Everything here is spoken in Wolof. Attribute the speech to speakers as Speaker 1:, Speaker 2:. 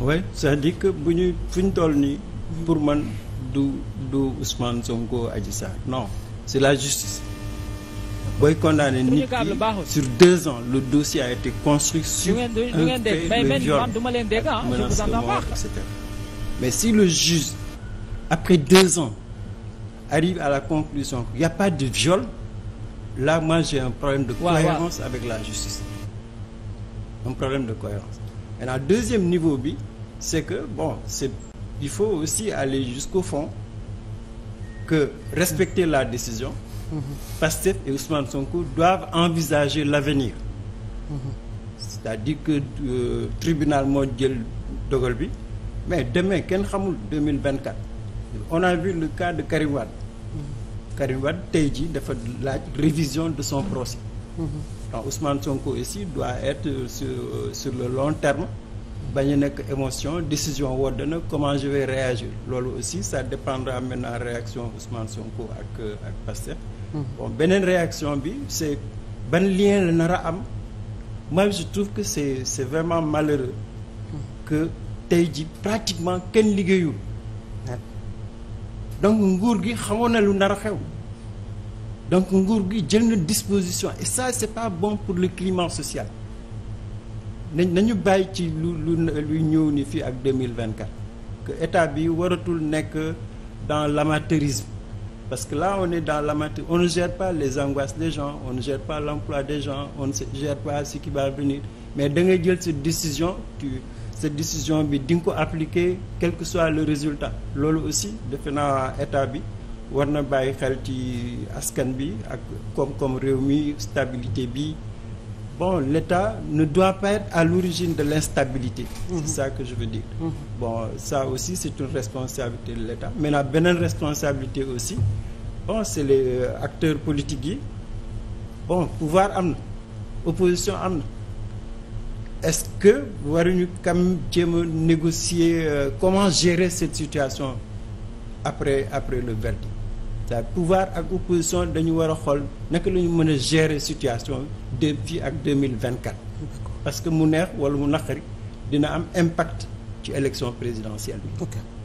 Speaker 1: oui c'est-à-dire que bu ñu fu ñu toll nii pour man du du Ousmane Sonko Adji Sarr non c'est la justice booy condamné nit sur deux ans le dossier a été construit sur un fait le viol menace de mort etc mais si le juge après deux ans arrive à la conclusion qu'il n'y a pas de viol là moi un problème de cohérence ouais, avec la justice un problème de cohérence maintenant deuxième niveau bi c'est que bon c'est il faut aussi aller jusqu'au fond que respecter la décision mm-hmm. Pastef et Ousmane Sonko doivent envisager l'avenir mm-hmm. c'est-à-dire que euh, tribunal moo jël dogal bi mais demain kenn xamul 2024 on a vu le cas de mm-hmm. Karim Wade tey jii dafa laaj révision de son procès donc Ousmane Sonko aussi doit être sur euh, sur le long terme bañu nekk émotion décision wodd na comment je vais réagir loolu aussi ça dépendra maintenant réaction Ousmane Sonko ak euh, ak Pastef hmm. bon beneen réaction bi c'est ban lien la nar a am moi je trouve que c'est c'est vraiment malheureux que tey ji pratiquement kenn liggéeyul donc nguur gi xamoon na lu nar a xew donc nguur gi jël na disposition et ça c'est pas bon pour le climat social nañ nañu bàyyi ci lu lu luy ñëw ni fii ak 2024 que état bi waratul nekk dans l'amateurisme parce que là on est dans l'amateur on ne gère pas le angoisses des gens on ne gère pas l'emploi des gens on ne gère pas ce qui venir mais da ngay jël cette décision tu cette décision bi di nga ko appliquer quel que soit le résultat loolu aussi defe naa état bi war na bàyyi xel ci askan bi ak koom-koom réew mi stabilité bi bon l'État ne doit pas être à l'origine de l'instabilité c'est mhm. ça que je veux dire mhm. bon ça aussi c'est une responsabilité de l'État na beneen responsabilité aussi bon c'est les euh, acteurs politiques yi bon pouvoir am na opposition am na est-ce que waruñu kam jéem a négocier euh, comment gérer cette situation après après le verdict la pouvoir ak opposition dañu war a xool naka la ñu mën a gérer situation bi fii ak deux mille vingt quatre parce que mu neex wala mu naqari dina am impact ci élection présidentielle bi.